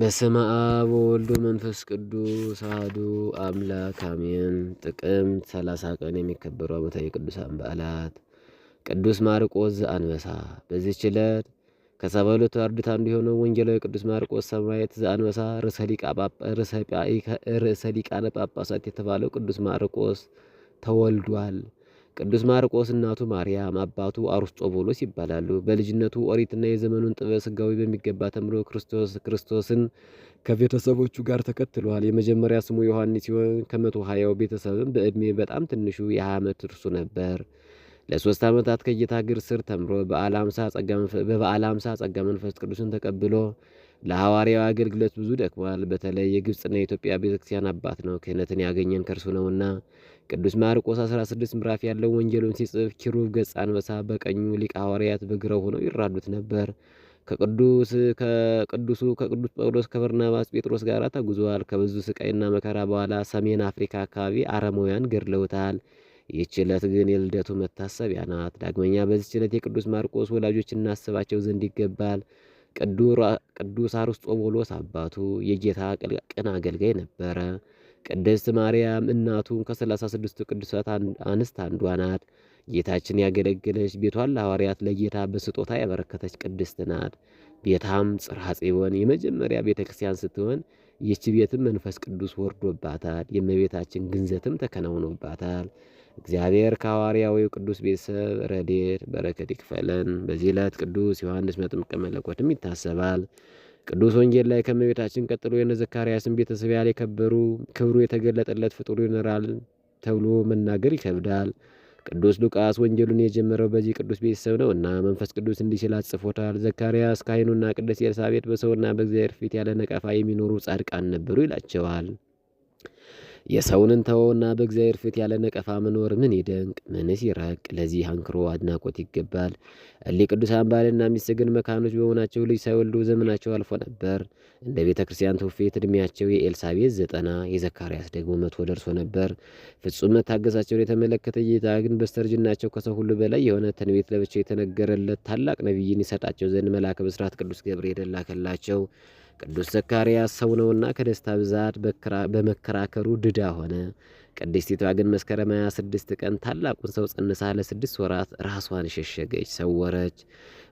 በስመ አብ ወወልድ መንፈስ ቅዱስ አሐዱ አምላክ አሜን። ጥቅምት ሰላሳ ቀን የሚከበሩ ዓመታዊ የቅዱሳን በዓላት ቅዱስ ማርቆስ ዘአንበሳ። በዚህች ዕለት ከሰባ ሁለቱ አርድእት አንዱ የሆነው ወንጌላዊ ቅዱስ ማርቆስ ሰማዕት ዘአንበሳ ርዕሰ ሊቃነ ጳጳሳት የተባለው ቅዱስ ማርቆስ ተወልዷል። ቅዱስ ማርቆስ እናቱ ማርያም፣ አባቱ አርስጦቡሎስ ይባላሉ። በልጅነቱ ኦሪትና የዘመኑን ጥበብ ስጋዊ በሚገባ ተምሮ ክርስቶስ ክርስቶስን ከቤተሰቦቹ ጋር ተከትሏል። የመጀመሪያ ስሙ ዮሐንስ ሲሆን ከመቶ ሀያው ቤተሰብም በዕድሜ በጣም ትንሹ የ20 ዓመት እርሱ ነበር። ለሶስት ዓመታት ከጌታ እግር ስር ተምሮ በበዓለ ሃምሳ ጸጋ መንፈስ ቅዱስን ተቀብሎ ለሐዋርያው አገልግሎት ብዙ ደክሟል። በተለይ የግብፅና የኢትዮጵያ ቤተክርስቲያን አባት ነው። ክህነትን ያገኘን ከእርሱ ነውና። ቅዱስ ማርቆስ 16 ምዕራፍ ያለው ወንጌሉን ሲጽፍ ኪሩብ ገጸ አንበሳ በቀኙ ሊቀ ሐዋርያት በግራው ሆነው ይራዱት ነበር። ከቅዱስ ከቅዱሱ ከቅዱስ ጳውሎስ ከበርናባስ ጴጥሮስ ጋር ተጉዟል። ከብዙ ስቃይና መከራ በኋላ ሰሜን አፍሪካ አካባቢ አረማውያን ገድለውታል። ይህች ዕለት ግን የልደቱ መታሰቢያ ናት። ዳግመኛ በዚች ዕለት የቅዱስ ማርቆስ ወላጆች እናስባቸው ዘንድ ይገባል። ቅዱስ ቦሎስ አባቱ የጌታ ቅን አገልጋይ ነበረ። ቅድስት ማርያም እናቱ ከሰላሳ ስድስቱ ቅዱሳት አንስት አንዷ ናት። ጌታችን ያገለገለች ቤቷን ለሐዋርያት ለጌታ በስጦታ ያበረከተች ቅድስት ናት። ቤታም ጽርሐ ጽዮን የመጀመሪያ ቤተ ክርስቲያን ስትሆን ይህች ቤትም መንፈስ ቅዱስ ወርዶባታል። የእመቤታችን ግንዘትም ተከናውኖባታል። እግዚአብሔር ከሐዋርያዊ ቅዱስ ቤተሰብ ረድኤት በረከት ይክፈለን። በዚህ ዕለት ቅዱስ ዮሐንስ መጥምቀ መለኮትም ይታሰባል። ቅዱስ ወንጌል ላይ ከመቤታችን ቀጥሎ የነ ዘካርያስን ቤተሰብ ያለ የከበሩ ክብሩ የተገለጠለት ፍጡሩ ይኖራል ተብሎ መናገር ይከብዳል። ቅዱስ ሉቃስ ወንጌሉን የጀመረው በዚህ ቅዱስ ቤተሰብ ነው እና መንፈስ ቅዱስ እንዲህ ሲል አጽፎታል። ዘካርያስ ካህኑና ቅድስት ኤልሳቤጥ በሰውና በእግዚአብሔር ፊት ያለ ነቀፋ የሚኖሩ ጻድቃን ነበሩ ይላቸዋል። የሰውንን ተወውና በእግዚአብሔር ፊት ያለ ነቀፋ መኖር ምን ይደንቅ ምንስ ይረቅ ለዚህ አንክሮ አድናቆት ይገባል። እሊ ቅዱሳን ባልና ሚስግን መካኖች በመሆናቸው ልጅ ሳይወልዱ ዘመናቸው አልፎ ነበር። እንደ ቤተ ክርስቲያን ትውፊት ዕድሜያቸው የኤልሳቤት ዘጠና የዘካርያስ ደግሞ መቶ ደርሶ ነበር። ፍጹም መታገሳቸውን የተመለከተ ጌታ ግን በስተርጅናቸው ከሰው ሁሉ በላይ የሆነ ትንቢት ለብቻው የተነገረለት ታላቅ ነቢይን ይሰጣቸው ዘንድ መልአከ ብስራት ቅዱስ ገብርኤል ላከላቸው። ቅዱስ ዘካርያስ ሰው ነውና ከደስታ ብዛት በመከራከሩ ድዳ ሆነ። ቅድስቲቷ ግን መስከረም 26 ቀን ታላቁን ሰው ጸንሳ ለስድስት ወራት ራሷን ሸሸገች፣ ሰወረች።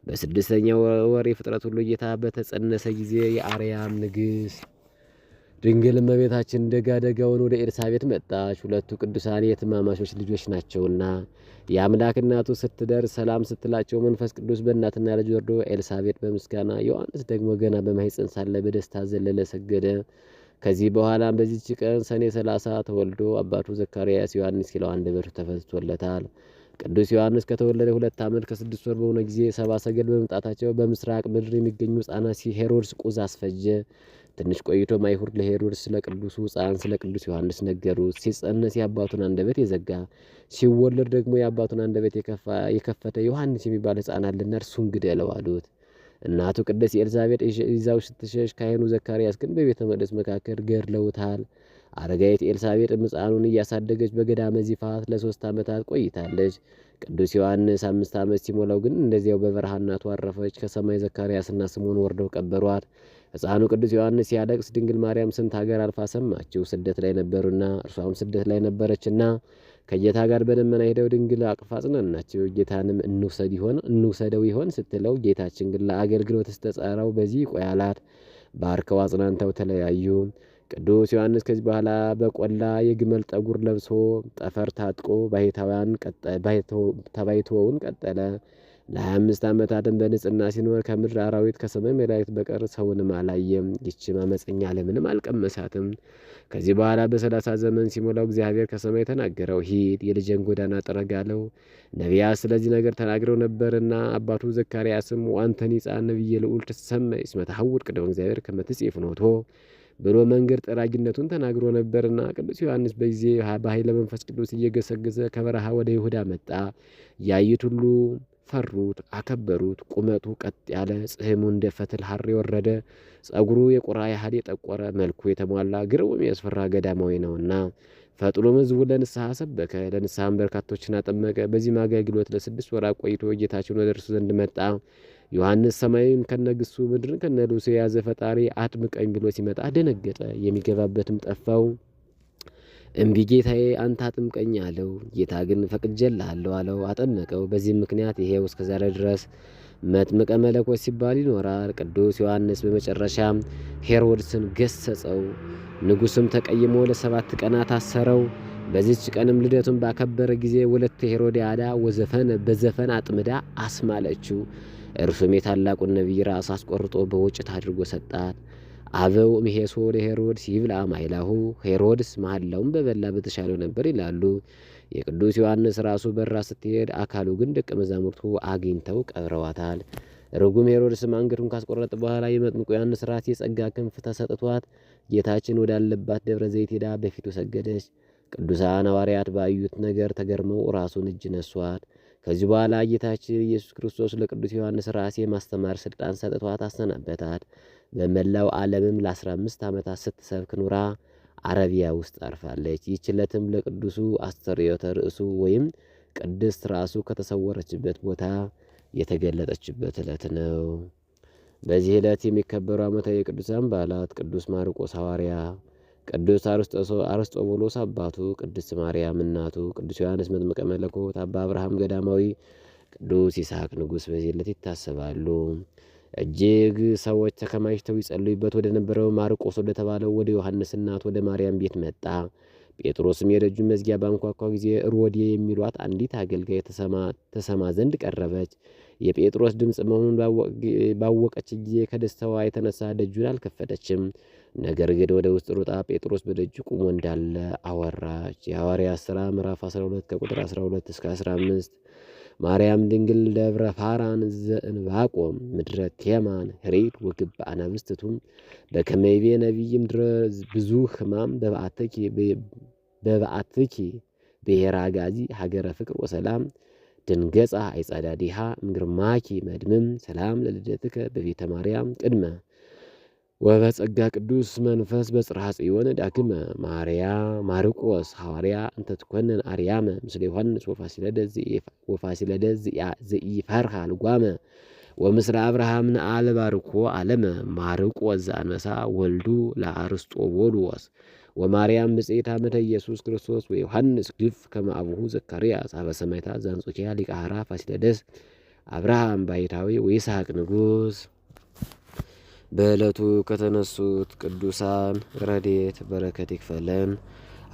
በስድስተኛው ወር የፍጥረት ሁሉ ጌታ በተጸነሰ ጊዜ የአርያም ንግሥት ድንግል እመቤታችን ደጋ ደጋውን ወደ ኤልሳቤጥ መጣች። ሁለቱ ቅዱሳን የትማማሾች ልጆች ናቸውና የአምላክ እናቱ ስትደርስ ሰላም ስትላቸው መንፈስ ቅዱስ በእናትና ልጅ ወርዶ ኤልሳቤጥ በምስጋና ዮሐንስ ደግሞ ገና በማኅፀን ሳለ በደስታ ዘለለ ሰገደ። ከዚህ በኋላም በዚች ቀን ሰኔ 30 ተወልዶ አባቱ ዘካርያስ ዮሐንስ ይለው አንደበቱ ተፈትቶለታል። ቅዱስ ዮሐንስ ከተወለደ ሁለት ዓመት ከስድስት ወር በሆነ ጊዜ ሰባ ሰገል በመምጣታቸው በምስራቅ ምድር የሚገኙ ሕፃናት ሄሮድስ ቁዝ አስፈጀ። ትንሽ ቆይቶ አይሁድ ለሄሮድስ ስለ ቅዱሱ ሕፃን ስለ ቅዱስ ዮሐንስ ነገሩት። ሲጸነስ የአባቱን አንደበት የዘጋ ሲወለድ ደግሞ የአባቱን አንደበት የከፈተ ዮሐንስ የሚባል ሕፃን አለና እርሱን ግደለው አሉት። እናቱ ቅድስት ኤልዛቤጥ ይዛው ስትሸሽ ካህኑ ዘካርያስ ግን በቤተ መቅደስ መካከል ገድለውታል። አረጋዊት ኤልሳቤጥ ሕፃኑን እያሳደገች በገዳመ ዚፋት ለሶስት ዓመታት ቆይታለች። ቅዱስ ዮሐንስ አምስት ዓመት ሲሞላው ግን እንደዚያው በበረሃ እናቱ አረፈች። ከሰማይ ዘካርያስና ስምዖን ወርደው ቀበሯት። ሕፃኑ ቅዱስ ዮሐንስ ሲያለቅስ ድንግል ማርያም ስንት ሀገር አልፋ ሰማችው። ስደት ላይ ነበሩና እርሷም ስደት ላይ ነበረችና ከጌታ ጋር በደመና ሄደው ድንግል አቅፋ አጽናናቸው። ጌታንም እንውሰድ ይሆን እንውሰደው ይሆን ስትለው ጌታችን ግን ለአገልግሎት ስተጸረው በዚህ ቆያላት ባርከው አጽናንተው ተለያዩ። ቅዱስ ዮሐንስ ከዚህ በኋላ በቆላ የግመል ጠጉር ለብሶ ጠፈር ታጥቆ ተባይቶውን ቀጠለ። ለሀያ አምስት ዓመታትን በንጽህና ሲኖር ከምድር አራዊት ከሰማይ መላእክት በቀር ሰውንም አላየም። ይችም አመፀኛ ለምንም አልቀመሳትም። ከዚህ በኋላ በሰላሳ ዘመን ሲሞላው እግዚአብሔር ከሰማይ ተናገረው፣ ሂድ የልጄን ጎዳና ጥረጋለው። አለው። ነቢያት ስለዚህ ነገር ተናግረው ነበርና አባቱ ዘካርያስም ዋንተን ይፃ ነቢየ ልዑል ትሰመ ስመታሐውድ ተሐውር ቅድመ እግዚአብሔር ከመ ትጽሕፍ ብሎ መንገድ ጠራጊነቱን ተናግሮ ነበርና ቅዱስ ዮሐንስ በጊዜ በኃይለ መንፈስ ቅዱስ እየገሰገሰ ከበረሃ ወደ ይሁዳ መጣ። ያዩት ሁሉ ፈሩት፣ አከበሩት። ቁመቱ ቀጥ ያለ፣ ጽህሙ እንደ ፈትል ሐር የወረደ፣ ጸጉሩ የቁራ ያህል የጠቆረ፣ መልኩ የተሟላ ግርውም ያስፈራ ገዳማዊ ነውና ፈጥኖም ሕዝቡን ለንስሐ ሰበከ፣ ለንስሐም በርካቶችን አጠመቀ። በዚህም አገልግሎት ለስድስት ወራት ቆይቶ ጌታችን ወደ እርሱ ዘንድ መጣ። ዮሐንስ ሰማይን ከነግሱ ምድርን ከነልብሱ የያዘ ፈጣሪ አጥምቀኝ ብሎ ሲመጣ ደነገጠ፣ የሚገባበትም ጠፋው። እምቢ ጌታዬ፣ አንተ አጥምቀኝ አለው። ጌታ ግን ፈቅጄልሃለሁ አለው። አጠመቀው። በዚህም ምክንያት ይሄው እስከዛሬ ድረስ መጥምቀ መለኮት ሲባል ይኖራል። ቅዱስ ዮሐንስ በመጨረሻም ሄሮድስን ገሰጸው። ንጉሥም ተቀይሞ ለሰባት ቀናት አሰረው። በዚች ቀንም ልደቱን ባከበረ ጊዜ ወለተ ሄሮድያዳ ወዘፈን በዘፈን አጥምዳ አስማለችው። እርሱም የታላቁን ነቢይ ራስ አስቆርጦ በወጭት አድርጎ ሰጣት። አበው ምሄሶ ለሄሮድስ ይብላ ማይላሁ ሄሮድስ መሐላውን በበላ በተሻለው ነበር ይላሉ። የቅዱስ ዮሐንስ ራሱ በራ ስትሄድ አካሉ ግን ደቀ መዛሙርቱ አግኝተው ቀብረዋታል። ርጉም ሄሮድስም አንገቱን ካስቆረጠ በኋላ የመጥምቁ ዮሐንስ ራስ የጸጋ ክንፍ ተሰጥቷት ጌታችን ወዳለባት ደብረ ዘይት ሄዳ በፊቱ ሰገደች። ቅዱሳን ሐዋርያት ባዩት ነገር ተገርመው ራሱን እጅ ነሷት። ከዚህ በኋላ ጌታችን ኢየሱስ ክርስቶስ ለቅዱስ ዮሐንስ ራሴ የማስተማር ስልጣን ሰጥቷት አሰናበታት። በመላው ዓለምም ለ15 ዓመታት ስትሰብክ ኑራ አረቢያ ውስጥ አርፋለች። ይህች ለትም ለቅዱሱ አስተርዮተ ርእሱ ወይም ቅድስት ራሱ ከተሰወረችበት ቦታ የተገለጠችበት ዕለት ነው። በዚህ ዕለት የሚከበሩ ዓመታዊ የቅዱሳን በዓላት ቅዱስ ማርቆስ ሐዋርያ፣ ቅዱስ አርስጦቦሎስ አባቱ፣ ቅድስት ማርያም እናቱ፣ ቅዱስ ዮሐንስ መጥምቀ መለኮት፣ አባ አብርሃም ገዳማዊ፣ ቅዱስ ይስሐቅ ንጉሥ በዚህ ዕለት ይታሰባሉ። እጅግ ሰዎች ተከማችተው ይጸልዩበት ወደ ነበረው ማርቆስ ወደ ተባለው ወደ ዮሐንስ እናት ወደ ማርያም ቤት መጣ። ጴጥሮስም የደጁን መዝጊያ ባንኳኳ ጊዜ ሮዴ የሚሏት አንዲት አገልጋይ ተሰማ ዘንድ ቀረበች። የጴጥሮስ ድምፅ መሆኑን ባወቀች ጊዜ ከደስታዋ የተነሳ ደጁን አልከፈተችም። ነገር ግን ወደ ውስጥ ሩጣ ጴጥሮስ በደጁ ቁሞ እንዳለ አወራች። የሐዋርያት ሥራ ምዕራፍ 12 ከቁጥር 12 እስከ 15 ማርያም ድንግል ደብረ ፋራን ዘእንባቆም ምድረ ቴማን ሬድ ወግብ አናብስትቱም በከመይቤ ነቢይም ድረ ብዙ ህማም በበአትኪ ብሔራ ጋዚ ሀገረ ፍቅር ወሰላም ድንገጻ አይጻዳ ምግርማኪ መድምም ሰላም ለልደትከ በቤተ ማርያም ቅድመ ወበጸጋ ቅዱስ መንፈስ በጽርሐ ጽዮን ዳግመ ማርያ ማርቆስ ሐዋርያ እንተትኮንን አርያመ ምስለ ዮሐንስ ወፋሲለደዝ ዘኢፈርሃ ልጓመ ወምስለ አብርሃም ነአለ ባርኮ አለመ ማርቆስ ዘአንበሳ ወልዱ ወልዎስ ወማርያም ብፅዕት ዓመተ ኢየሱስ ክርስቶስ ወዮሐንስ ግፍ ከማአቡሁ ዘካርያስ አበ ሰማዕታት ዘአንጾኪያ ሊቀ ፋሲለደስ አብርሃም ባይታዊ ወይስሐቅ ንጉሥ በዕለቱ ከተነሱት ቅዱሳን ረድኤት በረከት ይክፈለን።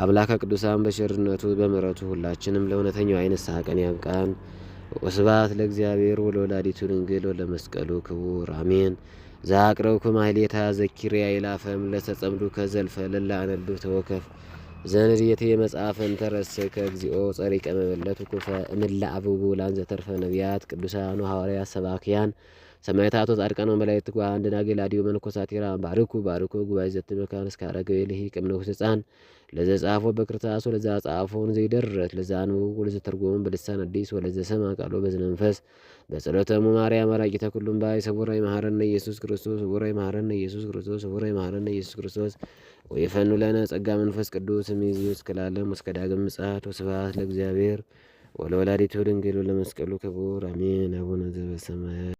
አምላከ ቅዱሳን በቸርነቱ በምሕረቱ ሁላችንም ለእውነተኛው ዓይን ንስሐ ቀን ያብቃን። ወስብሐት ለእግዚአብሔር ወለወላዲቱ ድንግል ወለመስቀሉ ክቡር አሜን። ዘአቅረብኩ ማሕሌታ ዘኪርያ ይላፈም ለተጸምዱ ከዘልፈ ለላ አነብብ ተወከፍ ዘንድየቴ መጽሐፈን ተረሰከ ከእግዚኦ ጸሪቀ መበለቱ ኩፈ እምላ አብቡ ላን ዘተርፈ ነቢያት ቅዱሳኑ ሐዋርያ ሰባክያን ሰማዕታቱ፣ ጻድቃን ጓ ጉባኤ ደናግል፣ አዲዮ መነኮሳት ይራን ባርኩ ባርኩ ጉባኤ ዘት መካን እስከ አረገ ይልህ ቅምነኩስ ሕፃን ለዘ ጻፎ በክርታስ ወለዛ ጻፎን ዘይደረት ለዛ ነው ወለዘ ተርጎሙን በልሳን አዲስ ወለዘ ሰማ ቃሎ በዝነ መንፈስ በጸሎተሙ ማርያም አራቂተ ኩሉም ባይ ሰቡራይ መሐረነ ኢየሱስ ክርስቶስ ሰቡራይ መሐረነ ኢየሱስ ክርስቶስ ሰቡራይ መሐረነ ኢየሱስ ክርስቶስ ወይፈኑ ለነ ጸጋ መንፈስ ቅዱስ እምይዝዮ እስከ ለዓለም እስከ ዳግም ምጽአት ወስብሐት ለእግዚአብሔር ወለወላዲቱ ድንግል ለመስቀሉ ክቡር አሜን። አቡነ ዘበሰማያት